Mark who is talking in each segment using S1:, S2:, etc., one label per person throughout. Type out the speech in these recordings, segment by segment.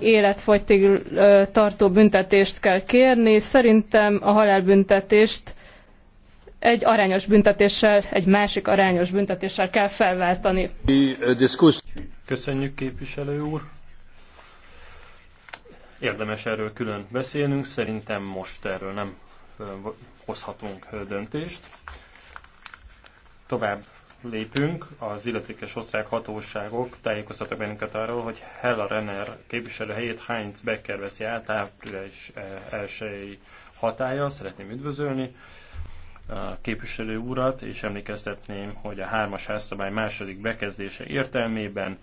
S1: életfogytig tartó büntetést kell kérni. Szerintem a halálbüntetést egy arányos büntetéssel, egy másik arányos büntetéssel kell felváltani.
S2: Köszönjük képviselő úr! Érdemes erről külön beszélnünk, szerintem most erről nem hozhatunk döntést. Tovább lépünk, az illetékes osztrák hatóságok tájékoztatok bennünket arról, hogy Hella Renner képviselő helyét Heinz Becker veszi át április eh, elsői hatája. Szeretném üdvözölni a képviselő úrat, és emlékeztetném, hogy a hármas házszabály második bekezdése értelmében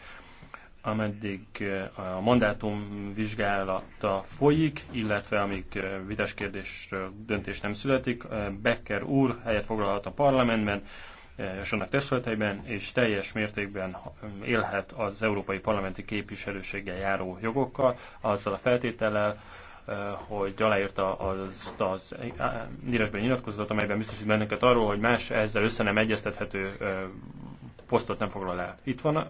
S2: ameddig eh, a mandátum vizsgálata folyik, illetve amíg eh, vitás kérdés döntés nem születik, Becker úr helyet foglalhat a parlamentben, és annak testületeiben, és teljes mértékben élhet az európai parlamenti képviselőséggel járó jogokkal, azzal a feltétellel, hogy aláírta azt az írásban nyilatkozatot, amelyben biztosít bennünket arról, hogy más ezzel össze nem egyeztethető posztot nem foglal el. Itt van a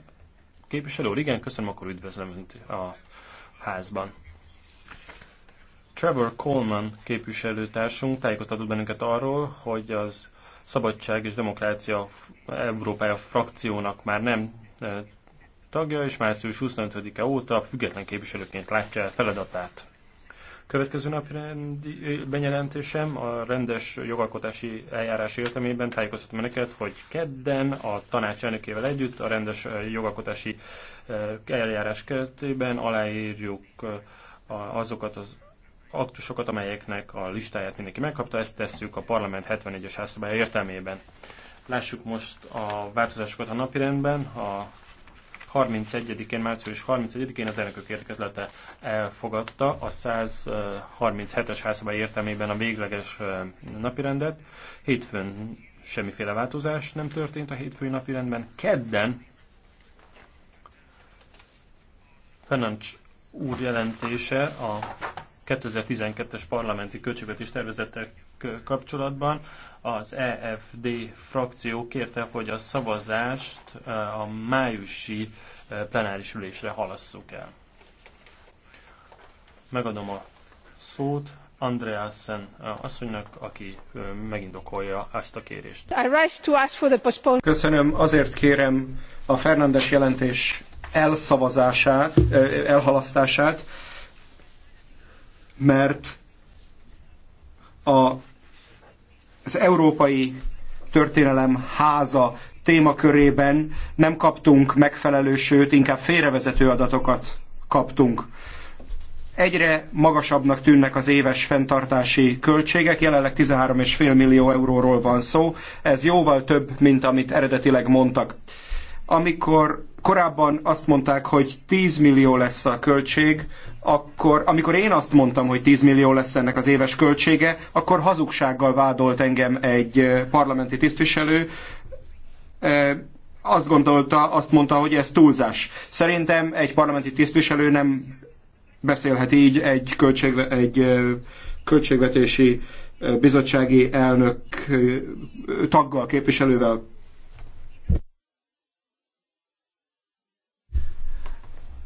S2: képviselő úr, igen, köszönöm, akkor üdvözlöm Önt a házban. Trevor Coleman képviselőtársunk tájékoztatott bennünket arról, hogy az Szabadság és Demokrácia Európája frakciónak már nem tagja, és március 25-e óta független képviselőként látja el feladatát. Következő napi rendi, bejelentésem a rendes jogalkotási eljárás értelmében tájékoztatom önöket, hogy kedden a tanács elnökével együtt a rendes jogalkotási eljárás keretében aláírjuk azokat az aktusokat, amelyeknek a listáját mindenki megkapta, ezt tesszük a parlament 71-es házszabály értelmében. Lássuk most a változásokat a napirendben. A 31-én, március 31-én az elnökök értekezlete elfogadta a 137-es házszabály értelmében a végleges napirendet. Hétfőn semmiféle változás nem történt a hétfői napirendben. Kedden Fennancs úr jelentése a 2012-es parlamenti költségvetés tervezetek kapcsolatban az EFD frakció kérte, hogy a szavazást a májusi plenáris ülésre halasszuk el. Megadom a szót Andreasen asszonynak, aki megindokolja ezt a kérést.
S3: Köszönöm, azért kérem a Fernandes jelentés elszavazását, elhalasztását, mert a, az európai történelem háza témakörében nem kaptunk megfelelő, sőt inkább félrevezető adatokat kaptunk. Egyre magasabbnak tűnnek az éves fenntartási költségek, jelenleg 13,5 millió euróról van szó, ez jóval több, mint amit eredetileg mondtak. Amikor korábban azt mondták, hogy 10 millió lesz a költség, akkor, amikor én azt mondtam, hogy 10 millió lesz ennek az éves költsége, akkor hazugsággal vádolt engem egy parlamenti tisztviselő, azt gondolta, azt mondta, hogy ez túlzás. Szerintem egy parlamenti tisztviselő nem beszélhet így egy, egy költségvetési bizottsági elnök taggal, képviselővel.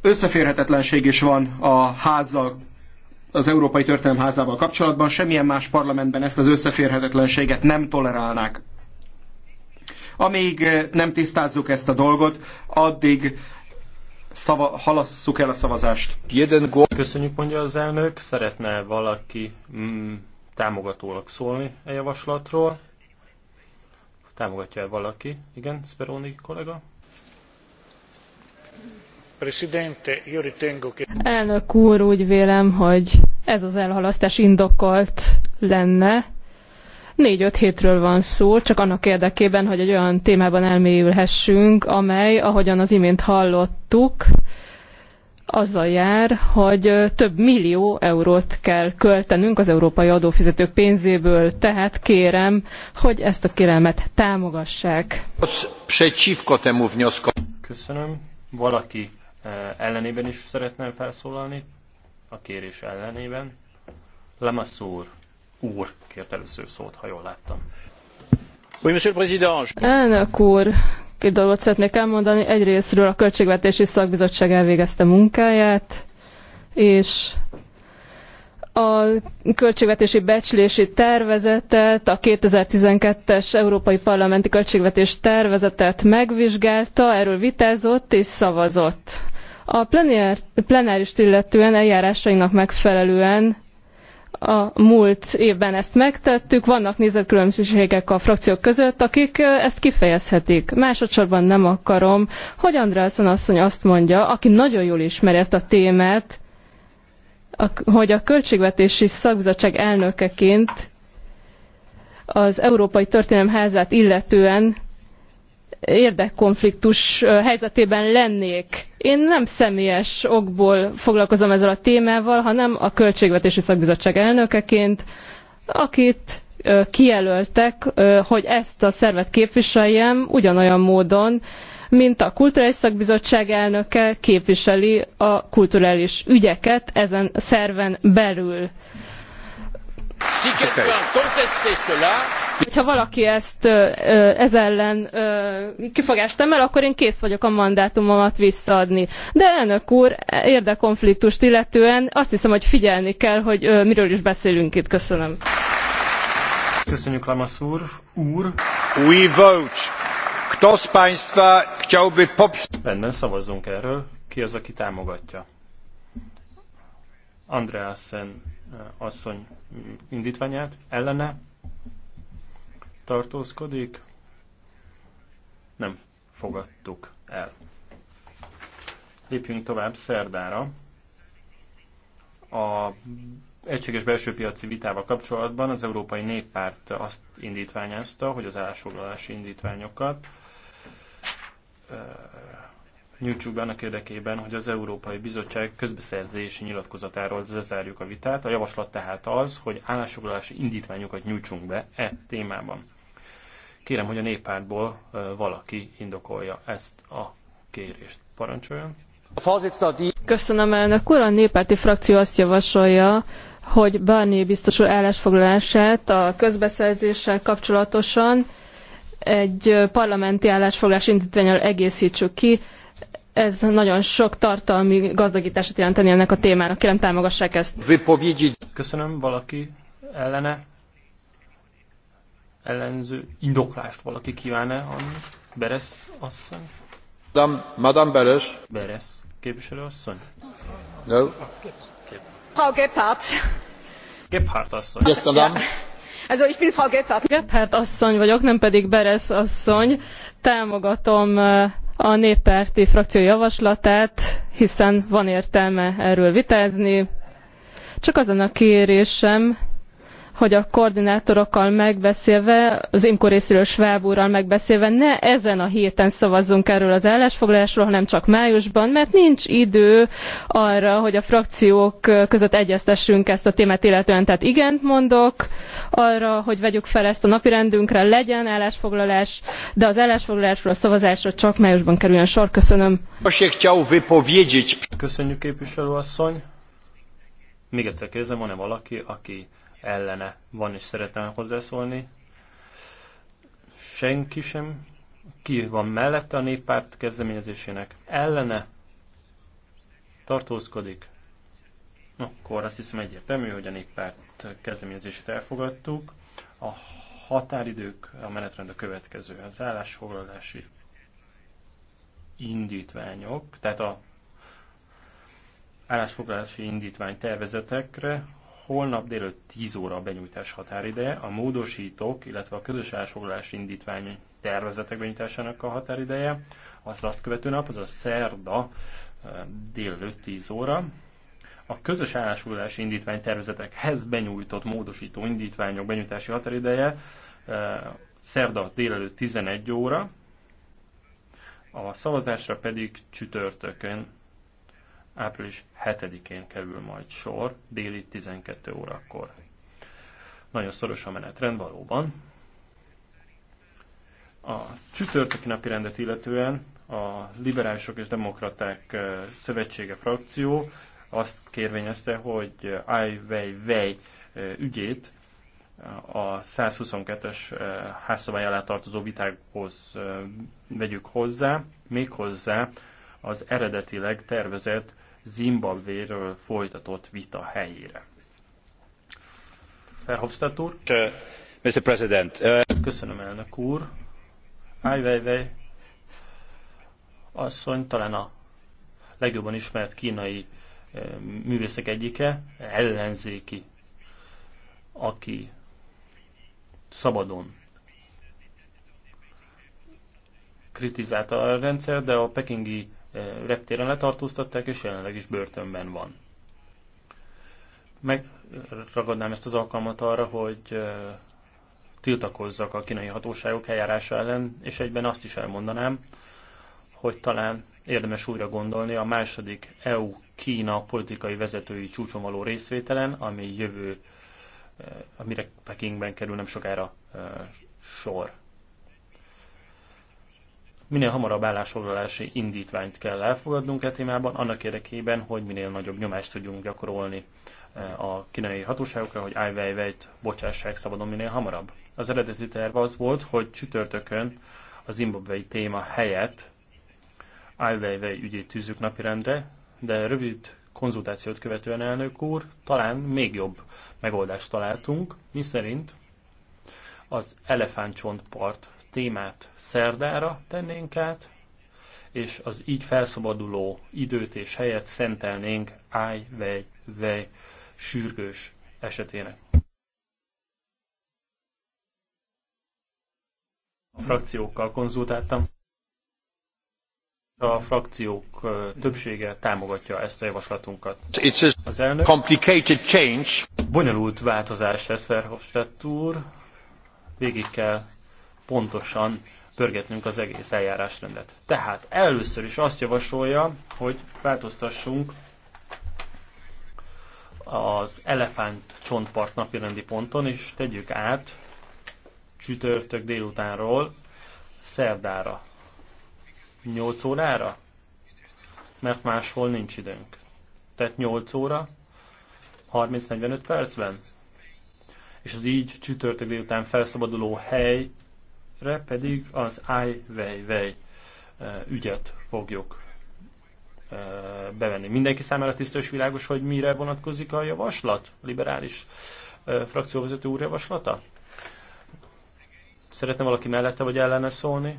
S3: összeférhetetlenség is van a házzal az Európai Történelem Házával kapcsolatban, semmilyen más parlamentben ezt az összeférhetetlenséget nem tolerálnák. Amíg eh, nem tisztázzuk ezt a dolgot, addig szava, halasszuk el a szavazást.
S2: Köszönjük, mondja az elnök. Szeretne valaki mm, támogatólag szólni a e javaslatról? Támogatja-e valaki? Igen, Speroni kollega?
S1: Elnök úr, úgy vélem, hogy ez az elhalasztás indokolt lenne. Négy-öt hétről van szó, csak annak érdekében, hogy egy olyan témában elmélyülhessünk, amely, ahogyan az imént hallottuk, azzal jár, hogy több millió eurót kell költenünk az európai adófizetők pénzéből, tehát kérem, hogy ezt a kérelmet támogassák.
S2: Köszönöm. Valaki Eh, ellenében is szeretném felszólalni, a kérés ellenében. Lemassur úr kért először szót, ha jól láttam. Oui, monsieur le président.
S1: Elnök úr, két dolgot szeretnék elmondani. Egyrésztről a Költségvetési Szakbizottság elvégezte munkáját, és a költségvetési becslési tervezetet, a 2012-es Európai Parlamenti Költségvetés tervezetet megvizsgálta, erről vitázott és szavazott. A plenár, plenárist illetően eljárásainak megfelelően a múlt évben ezt megtettük, vannak nézetkülönbségek a frakciók között, akik ezt kifejezhetik. Másodszorban nem akarom, hogy Andrászon asszony azt mondja, aki nagyon jól ismeri ezt a témát, hogy a költségvetési szakbizottság elnökeként az Európai Történelem Házát illetően érdekkonfliktus helyzetében lennék. Én nem személyes okból foglalkozom ezzel a témával, hanem a Költségvetési Szakbizottság elnökeként, akit kijelöltek, hogy ezt a szervet képviseljem ugyanolyan módon, mint a Kulturális Szakbizottság elnöke képviseli a kulturális ügyeket ezen szerven belül. Okay hogyha valaki ezt ez ellen kifogást emel, akkor én kész vagyok a mandátumomat visszaadni. De elnök úr, érdekonfliktust illetően azt hiszem, hogy figyelni kell, hogy miről is beszélünk itt. Köszönöm.
S3: Köszönjük, Lamasz úr. úr. We vote. Kto z Państwa
S2: chciałby poprzeć... Benden szavazzunk erről. Ki az, aki támogatja? Andreasen asszony indítványát ellene tartózkodik, nem fogadtuk el. Lépjünk tovább szerdára. A egységes belső piaci vitával kapcsolatban az Európai Néppárt azt indítványázta, hogy az állásfoglalási indítványokat nyújtsuk be annak érdekében, hogy az Európai Bizottság közbeszerzési nyilatkozatáról lezárjuk a vitát. A javaslat tehát az, hogy állásfoglalási indítványokat nyújtsunk be e témában. Kérem, hogy a néppártból valaki indokolja ezt a kérést. Parancsoljon!
S1: Köszönöm elnök úr, a néppárti frakció azt javasolja, hogy Barné biztos úr állásfoglalását a közbeszerzéssel kapcsolatosan egy parlamenti állásfoglalás indítványal egészítsük ki. Ez nagyon sok tartalmi gazdagítását jelenteni ennek a témának. Kérem támogassák ezt.
S2: Köszönöm, valaki ellene? ellenző indoklást valaki kíván-e adni? Beres asszony? Madame, Madame Beres. Beres képviselő asszony?
S3: No.
S1: Frau Gebhardt.
S2: Gebhardt asszony. Yes, Madame.
S1: Also ich bin Frau Gebhardt. Gebhardt asszony vagyok, nem pedig Beres asszony. Támogatom eh, a néppárti frakció javaslatát, hiszen van értelme erről vitázni. Csak az a kérésem, hogy a koordinátorokkal megbeszélve, az IMKO részéről Schwab úrral megbeszélve ne ezen a héten szavazzunk erről az állásfoglalásról, hanem csak májusban, mert nincs idő arra, hogy a frakciók között egyeztessünk ezt a témát illetően. Tehát igent mondok arra, hogy vegyük fel ezt a napirendünkre, legyen állásfoglalás, de az állásfoglalásról a szavazásra csak májusban kerüljön sor. Köszönöm.
S2: Köszönjük képviselőasszony. Még egyszer kérdezem, van-e valaki, aki ellene van, és szeretne hozzászólni. Senki sem. Ki van mellette a néppárt kezdeményezésének? Ellene tartózkodik. Akkor azt hiszem egyértelmű, hogy a néppárt kezdeményezését elfogadtuk. A határidők, a menetrend a következő. Az állásfoglalási indítványok, tehát a állásfoglalási indítvány tervezetekre holnap délőtt 10 óra a benyújtás határideje, a módosítók, illetve a közös elfoglalás indítvány tervezetek benyújtásának a határideje, az azt követő nap, az a szerda délelőtt 10 óra. A közös állásfoglalási indítvány tervezetekhez benyújtott módosító indítványok benyújtási határideje szerda délelőtt 11 óra, a szavazásra pedig csütörtökön április 7-én kerül majd sor, déli 12 órakor. Nagyon szoros a menetrend valóban. A csütörtöki napi rendet illetően a Liberálisok és Demokraták Szövetsége frakció azt kérvényezte, hogy Ai Weiwei ügyét a 122-es házszabály alá tartozó vitákhoz vegyük hozzá, méghozzá az eredetileg tervezett Zimbabvéről folytatott vita helyére. Verhofstadt úr? Uh, Mr. President. Uh... Köszönöm, elnök úr. Ai Weiwei asszony talán a legjobban ismert kínai uh, művészek egyike, ellenzéki, aki szabadon kritizálta a rendszer, de a pekingi reptéren letartóztatták, és jelenleg is börtönben van. Megragadnám ezt az alkalmat arra, hogy tiltakozzak a kínai hatóságok eljárása ellen, és egyben azt is elmondanám, hogy talán érdemes újra gondolni a második EU-Kína politikai vezetői csúcson való részvételen, ami jövő, amire Pekingben kerül nem sokára sor minél hamarabb állásfoglalási indítványt kell elfogadnunk e témában, annak érdekében, hogy minél nagyobb nyomást tudjunk gyakorolni eh, a kínai hatóságokra, hogy Ai weiwei bocsássák szabadon minél hamarabb. Az eredeti terv az volt, hogy csütörtökön a zimbabwei téma helyett Ai Weiwei ügyét tűzzük napirendre, de rövid konzultációt követően elnök úr, talán még jobb megoldást találtunk, miszerint az elefántcsontpart témát szerdára tennénk át, és az így felszabaduló időt és helyet szentelnénk áj vej, vej sürgős esetének. A frakciókkal konzultáltam. A frakciók többsége támogatja ezt a javaslatunkat. az elnök. Complicated change. Bonyolult változás ez, Verhofstadt úr. Végig kell pontosan pörgetnünk az egész eljárásrendet. Tehát először is azt javasolja, hogy változtassunk az elefánt csontpart napirendi ponton, és tegyük át csütörtök délutánról szerdára. 8 órára? Mert máshol nincs időnk. Tehát 8 óra, 30-45 percben. És az így csütörtök délután felszabaduló hely re pedig az Ai Weiwei ügyet fogjuk bevenni. Mindenki számára tisztos világos, hogy mire vonatkozik a javaslat, a liberális frakcióvezető úr javaslata? Szeretne valaki mellette vagy ellene szólni?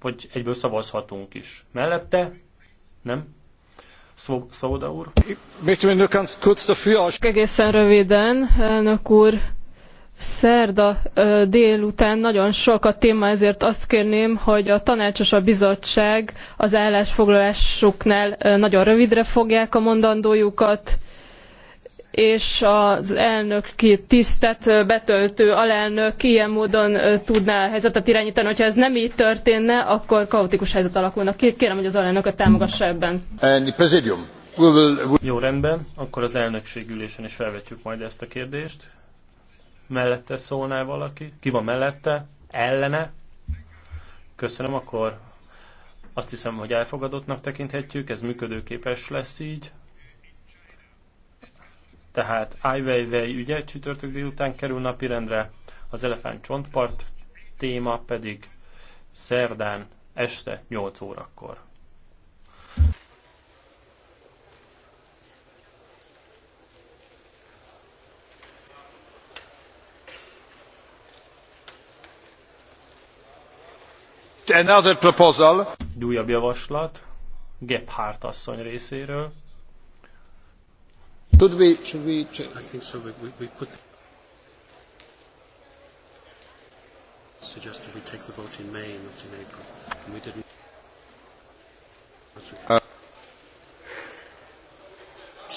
S2: Vagy egyből szavazhatunk is. Mellette? Nem? Szóda úr?
S1: Egészen röviden, elnök úr, szerda délután nagyon sok a téma, ezért azt kérném, hogy a tanács és a bizottság az állásfoglalásuknál nagyon rövidre fogják a mondandójukat, és az elnöki tisztet betöltő alelnök ilyen módon tudná a helyzetet irányítani. Hogyha ez nem így történne, akkor kaotikus helyzet alakulna ki. Kérem, hogy az alelnököt támogassa ebben.
S2: Jó, rendben. Akkor az elnökség ülésen is felvetjük majd ezt a kérdést mellette szólnál valaki? Ki van mellette? Ellene? Köszönöm, akkor azt hiszem, hogy elfogadottnak tekinthetjük, ez működőképes lesz így. Tehát Ai Weiwei ügye csütörtök délután kerül napirendre, az elefánt csontpart téma pedig szerdán este 8 órakor.
S3: another proposal.
S2: Egy újabb javaslat Gebhardt asszony részéről. Should we, should we check? I think so. We, we, we put suggested we take the vote in May, not in April, and we didn't.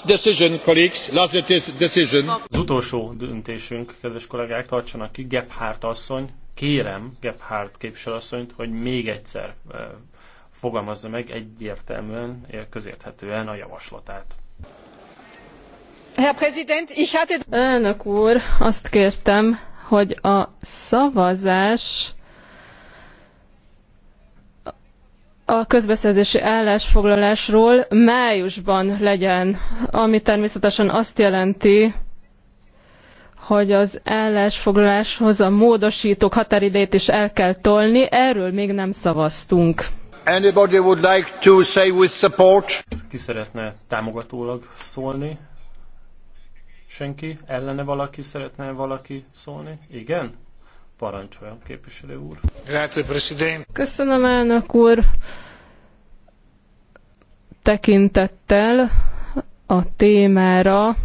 S2: decision, colleagues, last decision. Az utolsó döntésünk, kedves kollégák, tartsanak ki, Gebhardt asszony kérem Gebhardt képviselőasszonyt, hogy még egyszer fogalmazza meg egyértelműen, közérthetően a javaslatát.
S1: Herr Präsident, ich hatte... Elnök úr, azt kértem, hogy a szavazás a közbeszerzési állásfoglalásról májusban legyen, ami természetesen azt jelenti, hogy az állásfoglaláshoz a módosítók határidejét is el kell tolni, erről még nem szavaztunk.
S2: Anybody would like to say with support? Ki szeretne támogatólag szólni? Senki? Ellene valaki szeretne valaki szólni? Igen? Parancsoljon, képviselő úr.
S1: Köszönöm, elnök úr. Tekintettel a témára,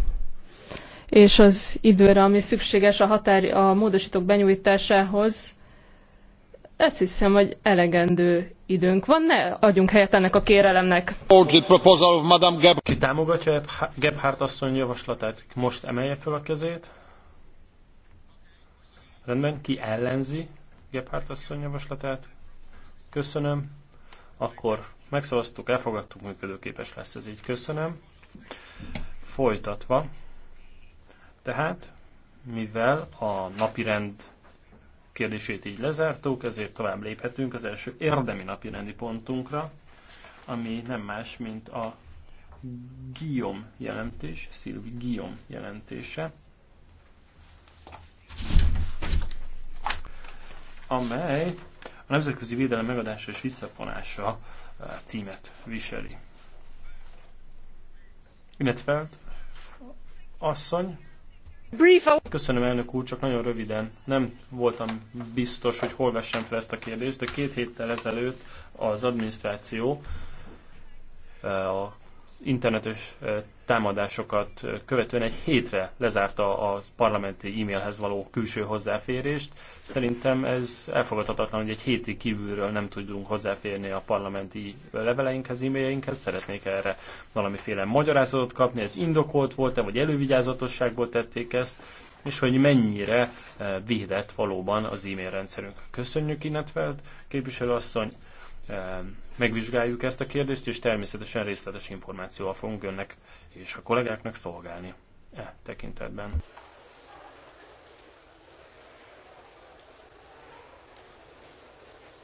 S1: és az időre, ami szükséges a, határ, a módosítók benyújtásához, ezt hiszem, hogy elegendő időnk van, ne adjunk helyet ennek a kérelemnek.
S3: Ki támogatja
S2: Gebhardt asszony javaslatát? Most emelje fel a kezét. Rendben, ki ellenzi Gebhardt asszony javaslatát? Köszönöm. Akkor megszavaztuk, elfogadtuk, működőképes lesz ez így. Köszönöm. Folytatva. Tehát, mivel a napirend kérdését így lezártuk, ezért tovább léphetünk az első érdemi napirendi pontunkra, ami nem más, mint a Guillaume jelentés, Szilvi Guillaume jelentése, amely a Nemzetközi Védelem megadása és visszavonása eh, címet viseli. Illetve hát, asszony Köszönöm, elnök úr, csak nagyon röviden. Nem voltam biztos, hogy hol vessem fel ezt a kérdést, de két héttel ezelőtt az adminisztráció eh, a internetes támadásokat követően egy hétre lezárta a parlamenti e-mailhez való külső hozzáférést. Szerintem ez elfogadhatatlan, hogy egy héti kívülről nem tudunk hozzáférni a parlamenti leveleinkhez, e mailinkhez Szeretnék erre valamiféle magyarázatot kapni, ez indokolt volt-e, vagy elővigyázatosságból tették ezt, és hogy mennyire védett valóban az e-mail rendszerünk. Köszönjük, Képviselő képviselőasszony! megvizsgáljuk ezt a kérdést, és természetesen részletes információval fogunk önnek és a kollégáknak szolgálni e tekintetben.